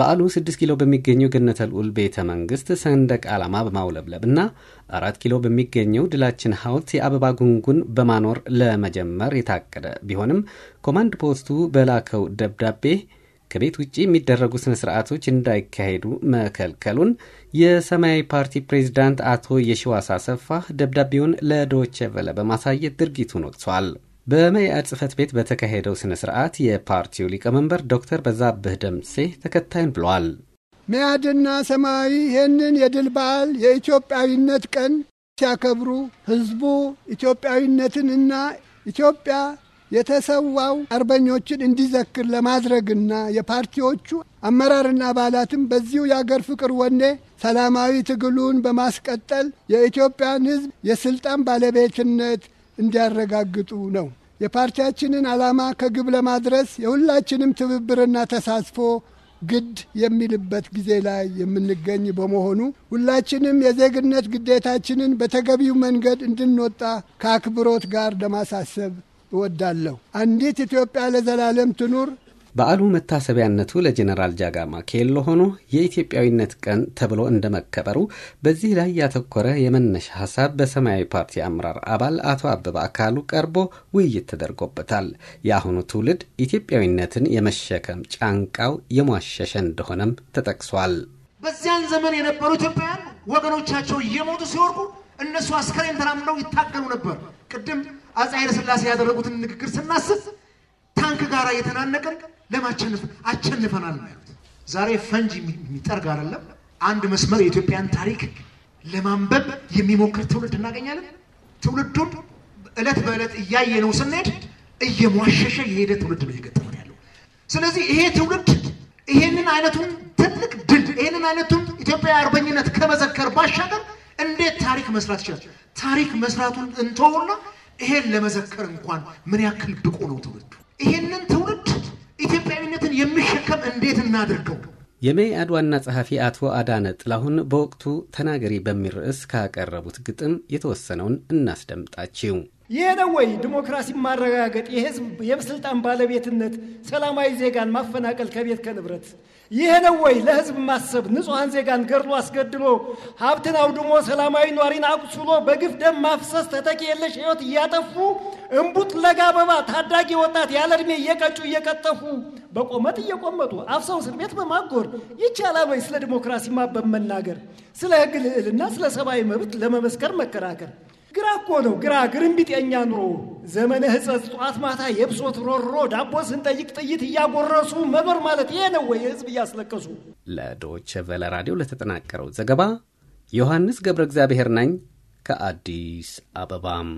በዓሉ 6 ኪሎ በሚገኘው ገነተ ኡል ቤተ መንግስት ሰንደቅ ዓላማ በማውለብለብ እና አራት ኪሎ በሚገኘው ድላችን ሐውልት የአበባ ጉንጉን በማኖር ለመጀመር የታቀደ ቢሆንም ኮማንድ ፖስቱ በላከው ደብዳቤ ከቤት ውጭ የሚደረጉ ስነ ስርዓቶች እንዳይካሄዱ መከልከሉን የሰማያዊ ፓርቲ ፕሬዚዳንት አቶ የሺዋስ አሰፋ ደብዳቤውን ለዶቸ በማሳየት ድርጊቱን ወቅሷል። በመኢአድ ጽህፈት ቤት በተካሄደው ስነ ስርዓት የፓርቲው ሊቀመንበር ዶክተር በዛብህ ደምሴ ተከታይን ብለዋል። መኢአድና ሰማያዊ ይህንን የድል በዓል የኢትዮጵያዊነት ቀን ሲያከብሩ ህዝቡ ኢትዮጵያዊነትንና ኢትዮጵያ የተሰዋው አርበኞችን እንዲዘክር ለማድረግና የፓርቲዎቹ አመራርና አባላትም በዚሁ የአገር ፍቅር ወኔ ሰላማዊ ትግሉን በማስቀጠል የኢትዮጵያን ህዝብ የስልጣን ባለቤትነት እንዲያረጋግጡ ነው። የፓርቲያችንን ዓላማ ከግብ ለማድረስ የሁላችንም ትብብርና ተሳትፎ ግድ የሚልበት ጊዜ ላይ የምንገኝ በመሆኑ ሁላችንም የዜግነት ግዴታችንን በተገቢው መንገድ እንድንወጣ ከአክብሮት ጋር ለማሳሰብ እወዳለሁ። አንዲት ኢትዮጵያ ለዘላለም ትኑር። በዓሉ መታሰቢያነቱ ለጀኔራል ጃጋማ ኬሎ ሆኖ የኢትዮጵያዊነት ቀን ተብሎ እንደመከበሩ በዚህ ላይ ያተኮረ የመነሻ ሀሳብ በሰማያዊ ፓርቲ አመራር አባል አቶ አበበ አካሉ ቀርቦ ውይይት ተደርጎበታል። የአሁኑ ትውልድ ኢትዮጵያዊነትን የመሸከም ጫንቃው የሟሸሸ እንደሆነም ተጠቅሷል። በዚያን ዘመን የነበሩ ኢትዮጵያውያን ወገኖቻቸው እየሞቱ ሲወርቁ እነሱ አስከሬን ተራምደው ይታገሉ ነበር። ቅድም አፄ ኃይለሥላሴ ያደረጉትን ንግግር ስናስብ ታንክ ጋር እየተናነቀን ለማሸነፍ አሸንፈናል ነው ያሉት። ዛሬ ፈንጅ የሚጠርግ አይደለም። አንድ መስመር የኢትዮጵያን ታሪክ ለማንበብ የሚሞክር ትውልድ እናገኛለን። ትውልዱን እለት በእለት እያየ ነው ስንሄድ እየሟሸሸ የሄደ ትውልድ ነው እየገጠመን ያለው። ስለዚህ ይሄ ትውልድ ይሄንን አይነቱን ትልቅ ድል ይሄንን አይነቱን ኢትዮጵያ አርበኝነት ከመዘከር ባሻገር እንዴት ታሪክ መስራት ይችላል? ታሪክ መስራቱን እንተውና ይሄን ለመዘከር እንኳን ምን ያክል ብቁ ነው ትውልዱ? ይሄንን ኢትዮጵያዊነትን የሚሸከም እንዴት እናድርገው? የመኢአድ ዋና ጸሐፊ አቶ አዳነ ጥላሁን በወቅቱ ተናገሪ በሚል ርዕስ ካቀረቡት ግጥም የተወሰነውን እናስደምጣችው። ይሄ ነው ወይ ዲሞክራሲ ማረጋገጥ? የህዝብ የስልጣን ባለቤትነት፣ ሰላማዊ ዜጋን ማፈናቀል ከቤት ከንብረት። ይሄ ነው ወይ ለህዝብ ማሰብ? ንጹሐን ዜጋን ገድሎ አስገድሎ ሀብትን አውድሞ ሰላማዊ ኗሪን አቁስሎ በግፍ ደም ማፍሰስ ተተኪ የለሽ ህይወት እያጠፉ እምቡጥ ለጋ አበባ ታዳጊ ወጣት ያለ እድሜ እየቀጩ እየቀጠፉ በቆመጥ እየቆመጡ አፍሰው እስር ቤት በማጎር ይቻላል ወይ ስለ ዲሞክራሲ ማበብ መናገር፣ ስለ ህግ ልዕልና፣ ስለ ሰብአዊ መብት ለመመስከር መከራከር? ግራ እኮ ነው ግራ ግርምቢጤኛ ኑሮ ዘመነ ሕጸጽ ጠዋት ማታ የብሶት ሮሮ ዳቦ ስንጠይቅ ጥይት እያጎረሱ መኖር ማለት ይሄ ነው ወይ ህዝብ እያስለቀሱ? ለዶች ቨለ ራዲዮ ለተጠናቀረው ዘገባ ዮሐንስ ገብረ እግዚአብሔር ነኝ ከአዲስ አበባም